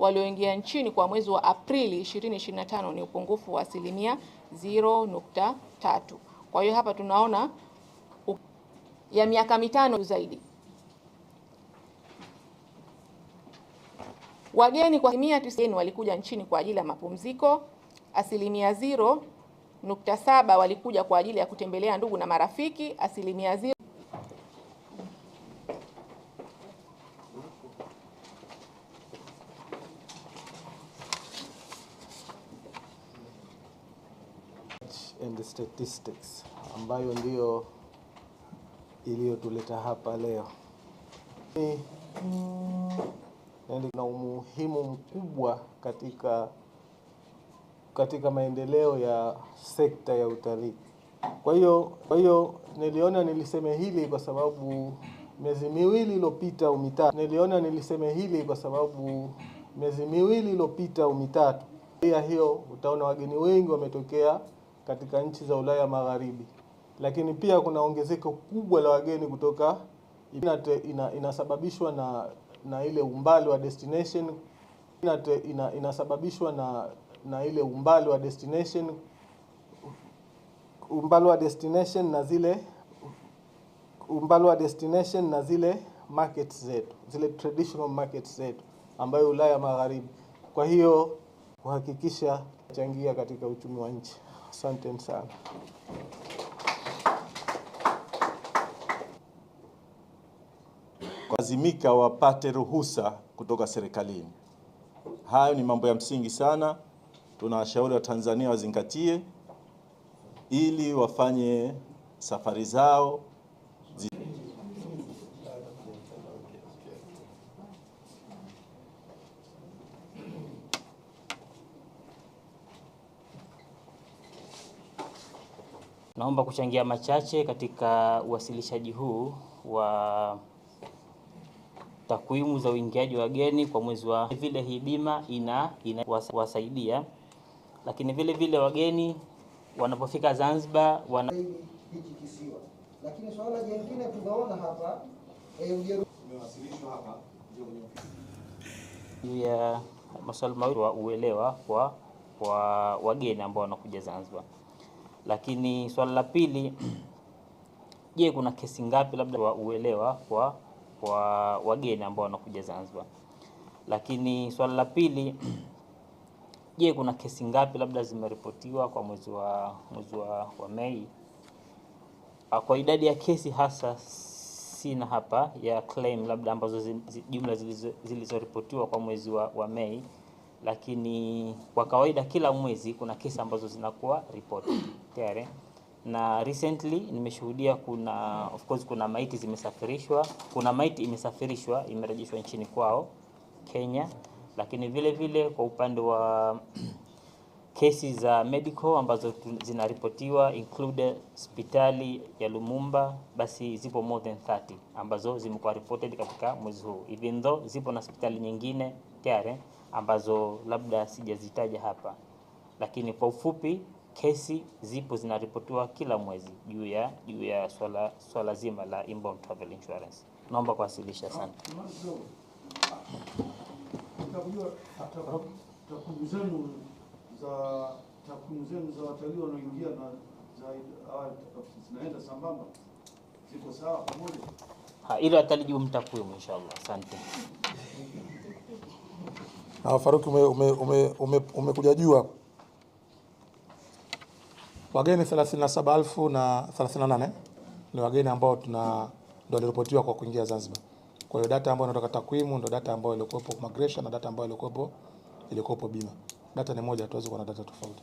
walioingia nchini kwa mwezi wa Aprili 2025 ni upungufu wa asilimia 0.3. Kwa hiyo hapa tunaona ya miaka mitano zaidi. Wageni kwa asilimia tisini walikuja nchini kwa ajili ya mapumziko, asilimia 0.7 walikuja kwa ajili ya kutembelea ndugu na marafiki, asilimia statistics ambayo ndiyo iliyotuleta hapa leo. Na umuhimu mkubwa katika katika maendeleo ya sekta ya utalii. Kwa hiyo kwa hiyo niliona niliseme hili kwa sababu miezi miwili iliyopita au mitatu, niliona niliseme hili kwa sababu miezi miwili iliyopita au mitatu, hiyo utaona wageni wengi wametokea katika nchi za Ulaya Magharibi, lakini pia kuna ongezeko kubwa la wageni kutoka inate, ina, inasababishwa na, na ile umbali wa destination inate, ina, inasababishwa na, na ile umbali wa destination umbali wa destination na zile umbali wa destination na zile market zetu zile traditional market zetu ambayo Ulaya Magharibi. Kwa hiyo kuhakikisha changia katika uchumi wa nchi. Asanteni sana. Lazimika wapate ruhusa kutoka serikalini. Hayo ni mambo ya msingi sana, tunawashauri Watanzania wazingatie ili wafanye safari zao Naomba kuchangia machache katika uwasilishaji huu wa takwimu za uingiaji wa wageni kwa mwezi wa vile. Hii bima ina, inawasaidia, lakini vile vile wageni wanapofika Zanzibar wana... lakini swala jingine tunaona hapa eh, juu ya masuala mawili wa uelewa kwa, kwa wageni ambao wanakuja Zanzibar. Lakini swali la pili, je, kuna kesi ngapi labda wa uelewa kwa kwa wageni ambao wanakuja Zanzibar? Lakini swali la pili, je, kuna kesi ngapi labda zimeripotiwa kwa mwezi wa mwezi wa, wa Mei? Ah, kwa idadi ya kesi hasa sina hapa ya claim labda ambazo zi, zi, jumla zilizoripotiwa kwa mwezi wa, wa Mei, lakini kwa kawaida kila mwezi kuna kesi ambazo zinakuwa ripoti KRA. Na recently nimeshuhudia kuna of course kuna maiti zimesafirishwa, kuna maiti imesafirishwa imerejeshwa nchini kwao Kenya, lakini vile vile kwa upande wa kesi za medical ambazo zinaripotiwa include hospitali ya Lumumba, basi zipo more than 30 ambazo zimekuwa reported katika mwezi huu, even though zipo na hospitali nyingine tayari ambazo labda sijazitaja hapa, lakini kwa ufupi kesi zipo zinaripotiwa kila mwezi juu ya juu ya swala swala zima la inbound travel insurance. Naomba kuwasilisha, sana. Takwimu zenu za takwimu zenu za watalii wanaoingia na zinaenda sambamba, ziko sawa pamoja, mtakwimu inshallah. Asante. Ah, Faruki, umekuja jua Wageni 37,000 na 38 ni wageni ambao tuna ndio waliripotiwa kwa kuingia Zanzibar. Kwa hiyo data ambayo inatoka takwimu ndio data ambayo ilikuwepo migration na data ambayo ilikuwepo ilikuwepo bima. Data ni moja, tuweze kuwa na data tofauti.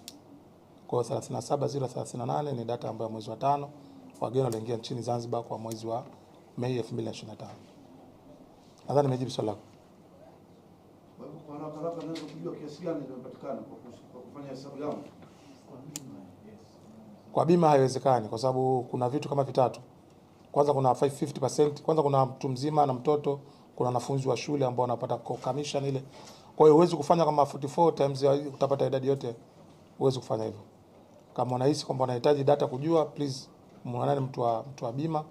Kwa hiyo 37,038 ni data ambayo mwezi wa tano wageni waliingia nchini Zanzibar kwa mwezi wa Mei 2025. Nadhani nimejibu swali lako. Kwa hiyo kwa haraka haraka naweza kujua kiasi gani kimepatikana kwa kufanya hesabu yangu. Kwa bima haiwezekani kwa sababu kuna vitu kama vitatu. Kwanza kuna 550%, kwanza kuna mtu mzima na mtoto, kuna wanafunzi wa shule ambao wanapata commission ile. Kwa hiyo huwezi kufanya kama 44 times ya utapata idadi yote. Huwezi kufanya hivyo. Kama unahisi kwamba unahitaji data kujua, please muonane mtu wa mtu wa bima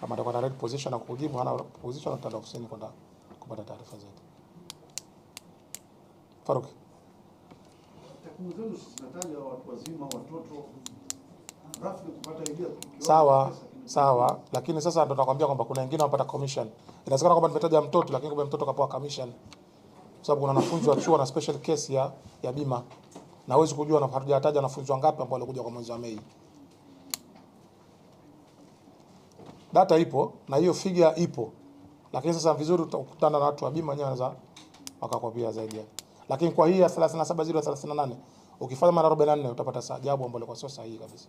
kama atakuwa na right position na kujibu, hana position utaenda ofisini kwenda kupata taarifa zaidi. Faruk, Takwimu zenu zinataja watu wazima, watoto sawa sawa, lakini sasa ndo nakwambia kwamba kuna wengine wanapata commission. Inawezekana kwamba nimetaja mtoto, lakini kumbe mtoto kapoa commission, kwa sababu kuna wanafunzi wa chuo na special case ya, ya bima, na huwezi kujua, na hatujataja wanafunzi wangapi ambao walikuja kwa mwezi wa Mei. Data ipo na hiyo figure ipo, lakini sasa vizuri utakutana na watu wa bima wenyewe wanaweza wakakwambia zaidi, lakini kwa hii ya 37038 ukifanya mara 44 utapata sajabu ambayo kwa sio sahihi kabisa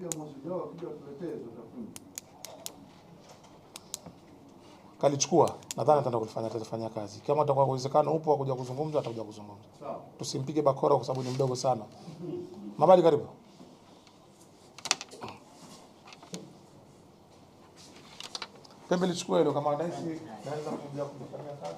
kuja mwezi ujao akija kuletee hizo takwimu. Kalichukua, nadhani ataenda kufanya atafanya kazi. Kama atakuwa uwezekano upo akuja kuzungumza, atakuja kuzungumza. Sawa. Tusimpige bakora kwa sababu ni mdogo sana. Mabadi, karibu. Pembe lichukua hilo kama dai si naweza kuja kufanya kazi.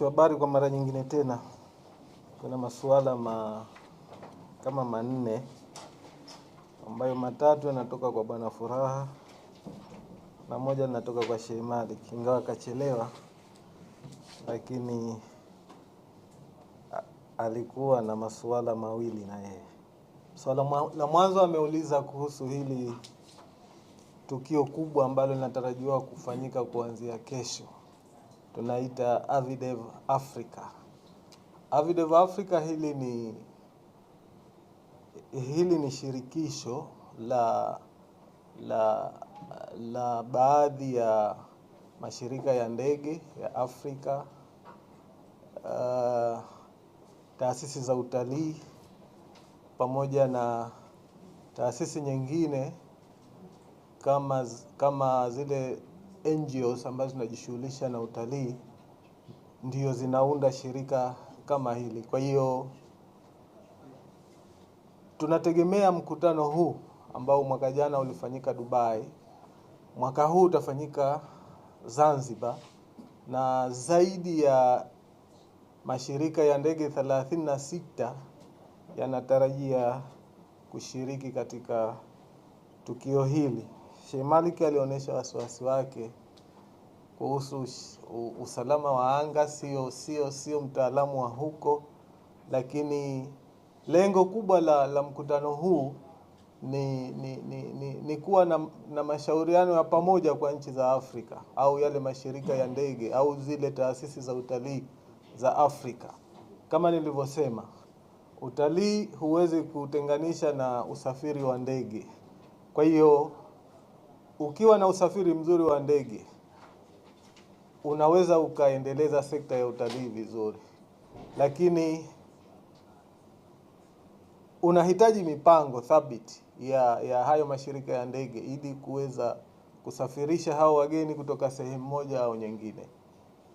Waandishi wa habari, kwa mara nyingine tena kuna masuala ma, kama manne ambayo matatu yanatoka kwa Bwana Furaha na moja linatoka kwa Sheikh Malik, ingawa akachelewa, lakini alikuwa na masuala mawili na yeye. Swala so, la mwanzo ameuliza kuhusu hili tukio kubwa ambalo linatarajiwa kufanyika kuanzia kesho tunaita Avidev Africa. Avidev Africa hili ni hili ni shirikisho la la la baadhi ya mashirika ya ndege ya Afrika, uh, eh, taasisi za utalii pamoja na taasisi nyingine kama, kama zile NGOs ambazo zinajishughulisha na utalii ndio zinaunda shirika kama hili. Kwa hiyo tunategemea mkutano huu ambao mwaka jana ulifanyika Dubai, mwaka huu utafanyika Zanzibar, na zaidi ya mashirika ya ndege 36 yanatarajia kushiriki katika tukio hili. Sheikh Malik alionyesha wasiwasi wake kuhusu usalama wa anga, sio sio sio mtaalamu wa huko, lakini lengo kubwa la, la mkutano huu ni, ni, ni, ni, ni kuwa na, na mashauriano ya pamoja kwa nchi za Afrika au yale mashirika ya ndege au zile taasisi za utalii za Afrika. Kama nilivyosema, utalii huwezi kutenganisha na usafiri wa ndege. Kwa hiyo ukiwa na usafiri mzuri wa ndege unaweza ukaendeleza sekta ya utalii vizuri, lakini unahitaji mipango thabiti ya, ya hayo mashirika ya ndege ili kuweza kusafirisha hao wageni kutoka sehemu moja au nyingine.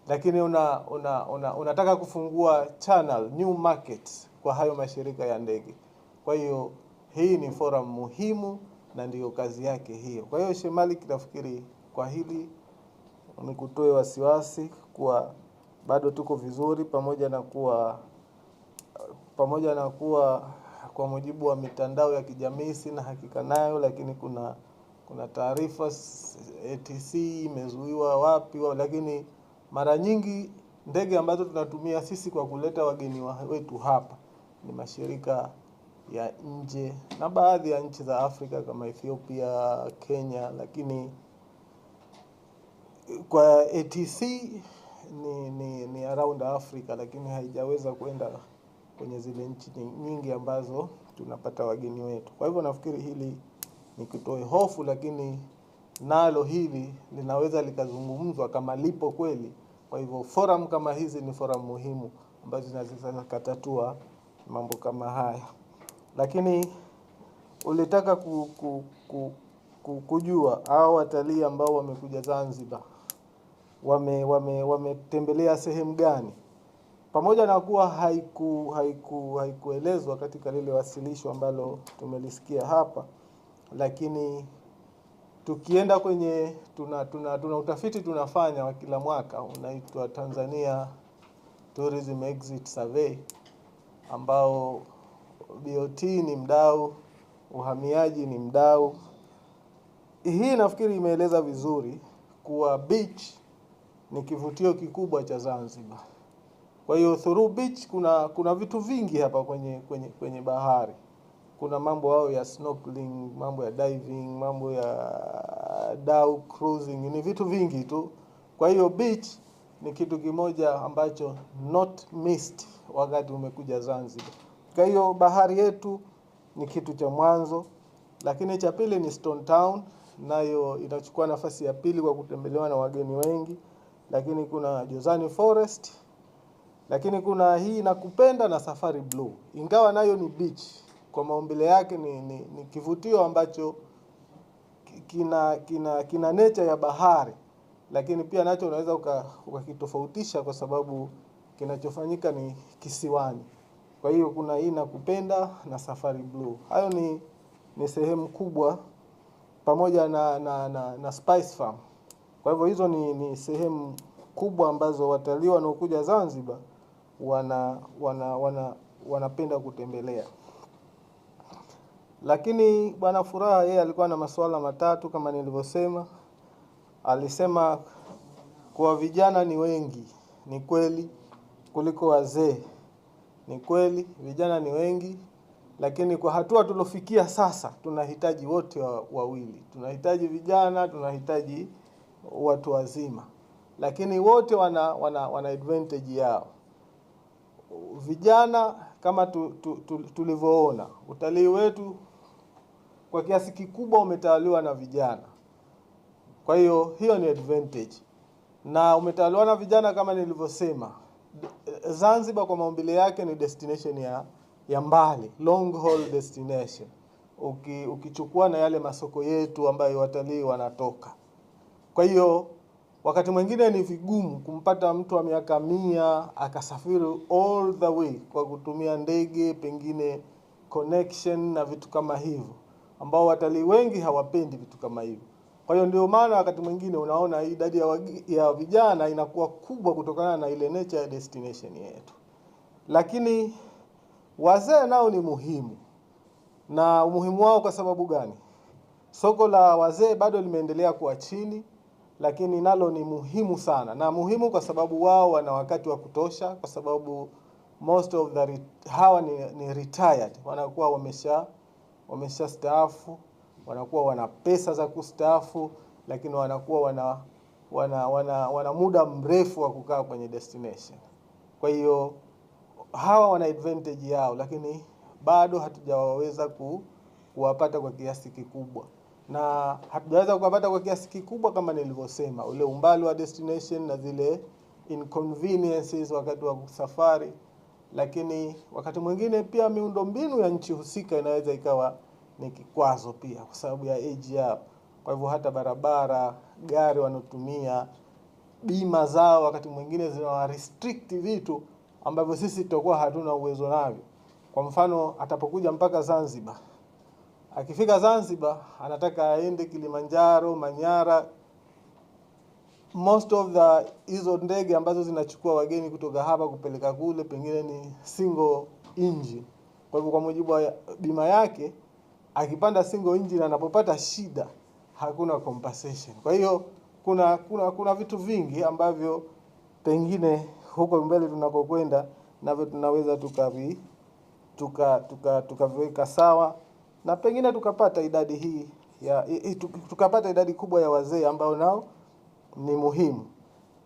Lakini una, una, una, unataka kufungua channel new market kwa hayo mashirika ya ndege. Kwa hiyo hii ni forum muhimu na ndiyo kazi yake hiyo. Kwa hiyo Sheikh Malik nafikiri kwa hili nikutoe wasiwasi kuwa bado tuko vizuri, pamoja na kuwa pamoja na kuwa kwa mujibu wa mitandao ya kijamii sina hakika nayo, lakini kuna kuna taarifa ATC imezuiwa wapi wa, lakini mara nyingi ndege ambazo tunatumia sisi kwa kuleta wageni wetu hapa ni mashirika ya nje na baadhi ya nchi za Afrika kama Ethiopia, Kenya, lakini kwa ATC ni, ni, ni around Africa, lakini haijaweza kwenda kwenye zile nchi nyingi ambazo tunapata wageni wetu. Kwa hivyo nafikiri hili ni kitoe hofu, lakini nalo hili linaweza likazungumzwa kama lipo kweli. Kwa hivyo forum kama hizi ni forum muhimu ambazo zinaweza zikatatua mambo kama haya lakini ulitaka ku, ku, ku, ku, kujua hao watalii ambao wamekuja Zanzibar wame wame wametembelea sehemu gani, pamoja na kuwa haiku haiku haikuelezwa katika lile wasilisho ambalo tumelisikia hapa, lakini tukienda kwenye tuna, tuna, tuna utafiti tunafanya wa kila mwaka unaitwa Tanzania Tourism Exit Survey ambao BOT ni mdau, uhamiaji ni mdau. Hii nafikiri imeeleza vizuri kuwa beach ni kivutio kikubwa cha Zanzibar. Kwa hiyo through beach kuna kuna vitu vingi hapa kwenye kwenye kwenye bahari. Kuna mambo hayo ya snorkeling, mambo ya diving, mambo ya dau cruising, ni vitu vingi tu. Kwa hiyo beach ni kitu kimoja ambacho not missed wakati umekuja Zanzibar. Kwa hiyo bahari yetu ni kitu cha mwanzo, lakini cha pili ni Stone Town, nayo inachukua nafasi ya pili kwa kutembelewa na wageni wengi, lakini kuna Jozani Forest, lakini kuna hii nakupenda na Safari Blue, ingawa nayo ni beach kwa maumbile yake ni, ni, ni kivutio ambacho kina, kina, kina nature ya bahari, lakini pia nacho unaweza ukakitofautisha uka kwa sababu kinachofanyika ni kisiwani. Kwa hiyo kuna hii nakupenda na safari blue. Hayo ni, ni sehemu kubwa pamoja na, na, na, na Spice Farm. Kwa hivyo hizo ni, ni sehemu kubwa ambazo watalii wanaokuja Zanzibar wana, wana, wana, wanapenda kutembelea. Lakini Bwana Furaha yeye alikuwa na masuala matatu kama nilivyosema. Alisema kuwa vijana ni wengi, ni kweli kuliko wazee. Ni kweli vijana ni wengi, lakini kwa hatua tulofikia sasa, tunahitaji wote wawili, tunahitaji vijana, tunahitaji watu wazima, lakini wote wana, wana, wana advantage yao. Vijana kama tu, tu, tu, tulivyoona utalii wetu kwa kiasi kikubwa umetawaliwa na vijana, kwa hiyo hiyo ni advantage, na umetawaliwa na vijana kama nilivyosema. Zanzibar kwa maumbile yake ni destination ya, ya mbali long haul destination uki, ukichukua na yale masoko yetu ambayo watalii wanatoka. Kwa hiyo wakati mwingine ni vigumu kumpata mtu wa miaka mia akasafiri all the way kwa kutumia ndege, pengine connection na vitu kama hivyo, ambao watalii wengi hawapendi vitu kama hivyo. Kwa hiyo ndio maana wakati mwingine unaona idadi ya, ya vijana inakuwa kubwa kutokana na ile nature ya destination yetu, lakini wazee nao ni muhimu. Na umuhimu wao kwa sababu gani? Soko la wazee bado limeendelea kuwa chini, lakini nalo ni muhimu sana, na muhimu kwa sababu wao wana wakati wa kutosha, kwa sababu most of the hawa ni, ni retired wanakuwa wamesha staafu wanakuwa wana pesa za kustaafu, lakini wanakuwa wana, wana, wana, wana muda mrefu wa kukaa kwenye destination. Kwa hiyo hawa wana advantage yao, lakini bado hatujawaweza ku, kuwapata kwa kiasi kikubwa, na hatujaweza kuwapata kwa kiasi kikubwa kama nilivyosema, ule umbali wa destination na zile inconveniences wakati wa safari, lakini wakati mwingine pia miundombinu ya nchi husika inaweza ikawa ni kikwazo pia kwa sababu ya age ya Kwa hivyo hata barabara, gari wanaotumia, bima zao wakati mwingine zinawa restrict vitu ambavyo sisi tutakuwa hatuna uwezo navyo. Kwa mfano atapokuja mpaka Zanzibar, akifika Zanzibar anataka aende Kilimanjaro, Manyara, most of the hizo ndege ambazo zinachukua wageni kutoka hapa kupeleka kule, pengine ni single engine. Kwa hivyo kwa mujibu wa bima yake akipanda single engine anapopata shida hakuna compensation. Kwa hiyo kuna, kuna, kuna vitu vingi ambavyo pengine huko mbele tunakokwenda navyo tunaweza tukavi tukaviweka tuka, tuka sawa na pengine tukapata idadi hii ya tukapata idadi kubwa ya wazee ambao nao ni muhimu.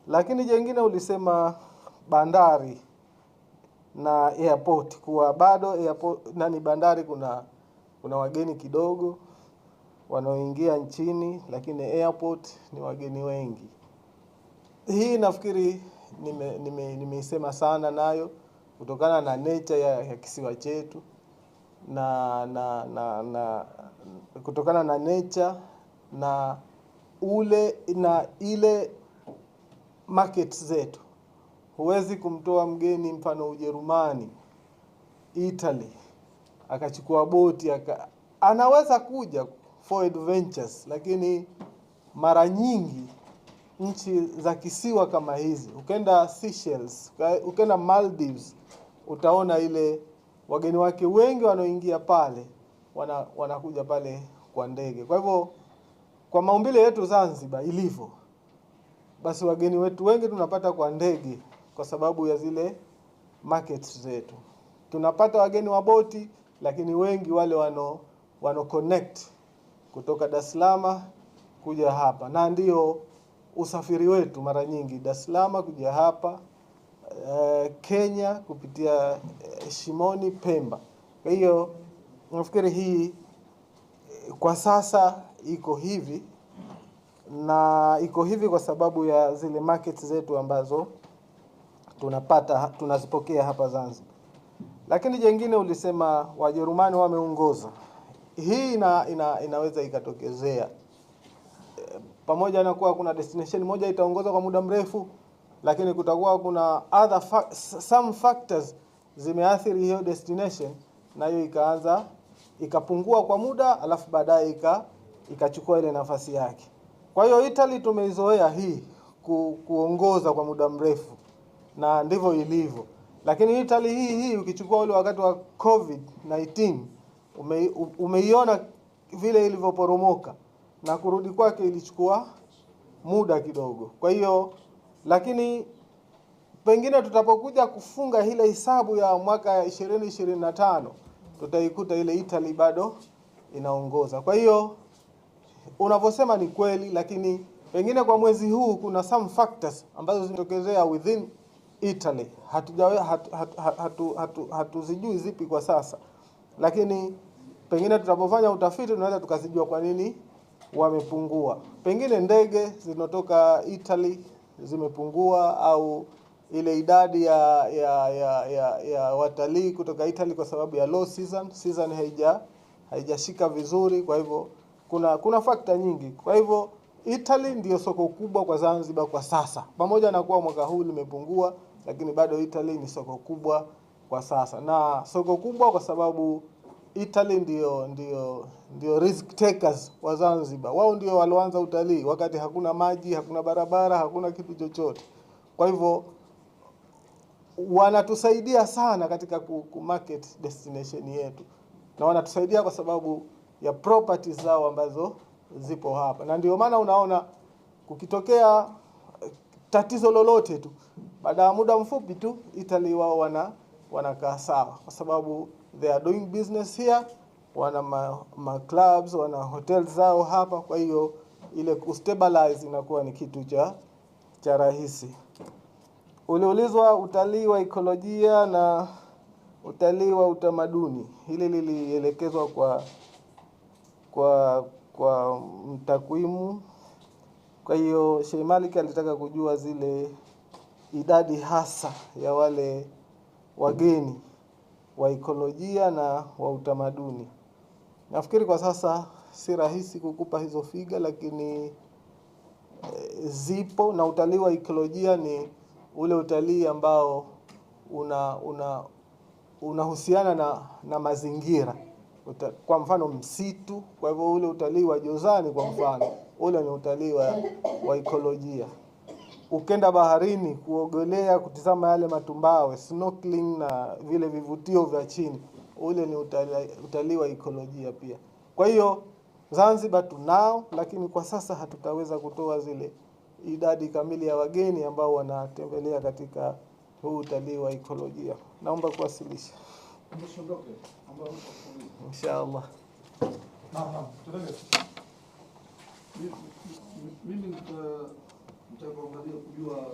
Lakini jengine ulisema bandari na airport kuwa bado airport, nani bandari kuna kuna wageni kidogo wanaoingia nchini, lakini airport ni wageni wengi. Hii nafikiri nimeisema nime, nime sana nayo kutokana na nature ya, ya kisiwa chetu na, na, na, na kutokana na nature na ule na ile market zetu. Huwezi kumtoa mgeni mfano Ujerumani, Italy akachukua boti aka, anaweza kuja for adventures, lakini mara nyingi nchi za kisiwa kama hizi, ukenda Seychelles, ukenda Maldives, utaona ile wageni wake wengi wanaoingia pale wana, wanakuja pale kwa ndege. Kwa hivyo kwa maumbile yetu Zanzibar ilivyo, basi wageni wetu wengi tunapata kwa ndege kwa sababu ya zile markets zetu. Tunapata wageni wa boti, lakini wengi wale wano, wano connect kutoka Dar es Salaam kuja hapa, na ndio usafiri wetu mara nyingi, Dar es Salaam kuja hapa e, Kenya kupitia e, Shimoni, Pemba. Kwa hiyo nafikiri hii eh, kwa sasa iko hivi na iko hivi kwa sababu ya zile markets zetu ambazo tunapata tunazipokea hapa Zanzibar. Lakini jengine ulisema Wajerumani wameongoza. Hii ina, ina, inaweza ikatokezea pamoja na kuwa kuna destination moja itaongoza kwa muda mrefu, lakini kutakuwa kuna other fa some factors zimeathiri hiyo destination, hiyo ikaanza ikapungua kwa muda, alafu baadaye ika ikachukua ile nafasi yake. Kwa hiyo Italy tumeizoea hii ku, kuongoza kwa muda mrefu na ndivyo ilivyo. Lakini Italy hii hii ukichukua ule wakati wa Covid 19 ume, umeiona vile ilivyoporomoka na kurudi kwake ilichukua muda kidogo. Kwa hiyo lakini pengine tutapokuja kufunga ile hisabu ya mwaka 2025 tutaikuta ile Italy bado inaongoza. Kwa hiyo unavyosema ni kweli, lakini pengine kwa mwezi huu kuna some factors ambazo zimetokezea within Italy hatujui hatu, hatu, hatu, hatu, hatu zipi kwa sasa, lakini pengine tutapofanya utafiti tunaweza tukazijua kwa nini wamepungua. Pengine ndege zinaotoka Italy zimepungua au ile idadi ya ya, ya, ya, ya watalii kutoka Italy kwa sababu ya low season, season haija haijashika vizuri. Kwa hivyo kuna kuna fakta nyingi. Kwa hivyo Italy ndiyo soko kubwa kwa Zanzibar kwa sasa, pamoja na kuwa mwaka huu limepungua lakini bado Italy ni soko kubwa kwa sasa, na soko kubwa kwa sababu Italy ndio, ndio, ndio risk takers wa Zanzibar. Wao ndio walioanza utalii wakati hakuna maji, hakuna barabara, hakuna kitu chochote. Kwa hivyo wanatusaidia sana katika market destination yetu, na wanatusaidia kwa sababu ya properties zao ambazo zipo hapa, na ndio maana unaona kukitokea tatizo lolote tu baada ya muda mfupi tu Italy wao wana wanakaa sawa, kwa sababu they are doing business here, wana ma, ma clubs, wana hotel zao hapa. Kwa hiyo ile kustabilize inakuwa ni kitu cha cha rahisi. Uliulizwa utalii wa ekolojia na utalii wa utamaduni, hili lilielekezwa kwa kwa kwa mtakwimu. Kwa hiyo Sheikh Malik alitaka kujua zile idadi hasa ya wale wageni wa ikolojia na wa utamaduni. Nafikiri kwa sasa si rahisi kukupa hizo figa, lakini eh, zipo. Na utalii wa ikolojia ni ule utalii ambao una una unahusiana na, na mazingira Uta, kwa mfano msitu. Kwa hivyo ule utalii wa jozani kwa mfano ule ni utalii wa, wa ikolojia ukenda baharini kuogelea, kutizama yale matumbawe snorkeling na vile vivutio vya chini, ule ni utalii utali wa ikolojia pia. Kwa hiyo Zanzibar tunao, lakini kwa sasa hatutaweza kutoa zile idadi kamili ya wageni ambao wanatembelea katika huu utalii wa ikolojia Naomba kuwasilisha inshallah. Mimi tutakaangalia kujua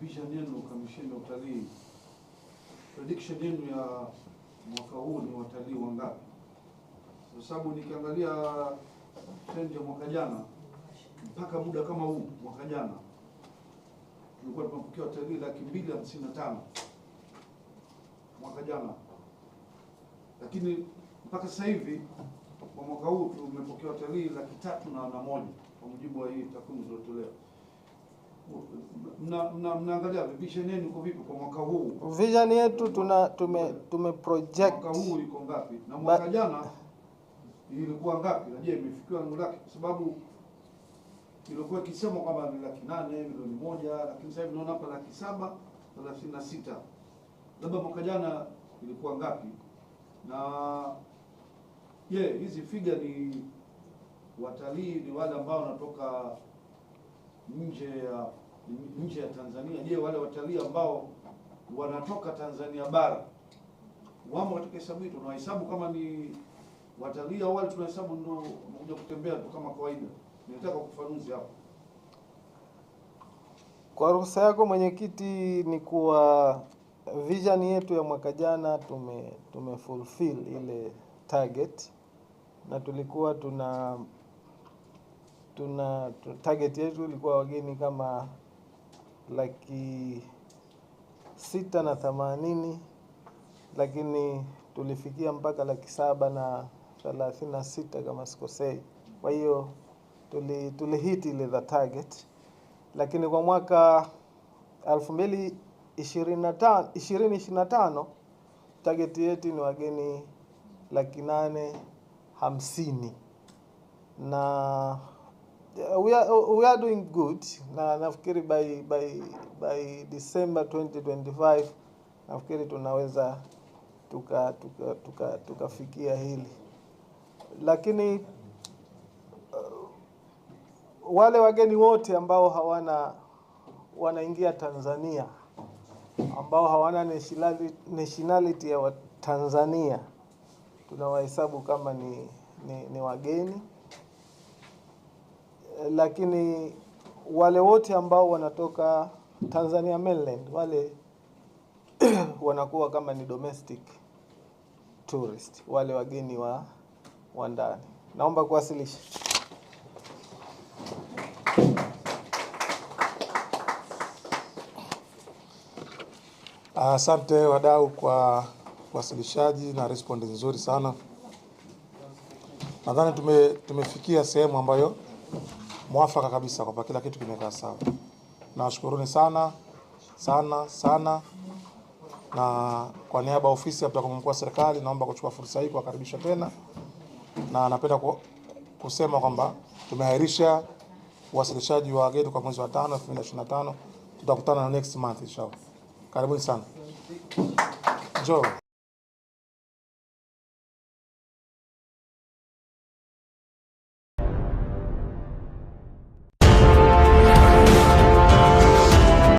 vision yenu kamisheni ya utalii, prediction yenu ya mwaka huu ni watalii wangapi? Kwa sababu nikiangalia trend ya mwaka jana mpaka muda kama huu, mwaka jana tulikuwa tumepokea watalii laki mbili hamsini na tano mwaka jana, lakini mpaka sasa hivi kwa mwaka huu tumepokea watalii laki tatu na moja kwa mujibu wa hii takwimu zilizotolewa mnaangalia vision yenu iko vipi kwa mwaka huu? Vision yetu tuna tume tume project mwaka huu iko ngapi na mwaka jana ilikuwa ngapi na je imefikiwa lengo laki Kwa sababu ilikuwa ikisema kwamba ni laki nane milioni moja lakini sasa hivi naona hapa laki saba thelathini na sita labda mwaka jana ilikuwa ngapi? Na je hizi figa ni watalii ni wale ambao wanatoka nje ya nje ya Tanzania. Je, wale watalii ambao wanatoka Tanzania bara wamo katika hesabu hii? Tunawahesabu kama ni watalii au wale tunahesabu ndio wamekuja kutembea tu kama kawaida? Nilitaka kufafanuzi hapo. Kwa ruhusa yako mwenyekiti, ni kuwa vision yetu ya mwaka jana tume, tume fulfill ile target na tulikuwa tuna tuna target yetu ilikuwa wageni kama laki sita na themanini lakini tulifikia mpaka laki saba na thelathini na sita kama sikosei. Kwa hiyo tuli, tulihiti ile target, lakini kwa mwaka elfu mbili ishirini na tano target yetu ni wageni laki nane hamsini na Uh, we are, uh, we are doing good na nafikiri by, by, by December 2025 nafikiri tunaweza tukafikia tuka, tuka, tuka, tuka hili, lakini uh, wale wageni wote ambao hawana wanaingia Tanzania ambao hawana nationality, nationality ya Tanzania tunawahesabu kama ni, ni, ni wageni lakini wale wote ambao wanatoka Tanzania mainland wale wanakuwa kama ni domestic tourist, wale wageni wa wa ndani. Naomba kuwasilisha. Asante wadau kwa wasilishaji na respondi nzuri sana. Nadhani tume, tumefikia sehemu ambayo mwafaka kabisa kwamba kila kitu kimekaa sawa. Nawashukuruni sana sana sana, na kwa niaba ya ofisi ya mtakatifu mkuu wa serikali naomba kuchukua fursa hii kuwakaribisha tena, na napenda kusema kwamba tumeahirisha uwasilishaji wa gedi kwa mwezi wa tano 2025. Tutakutana na next month inshallah. Karibuni sana, njoo.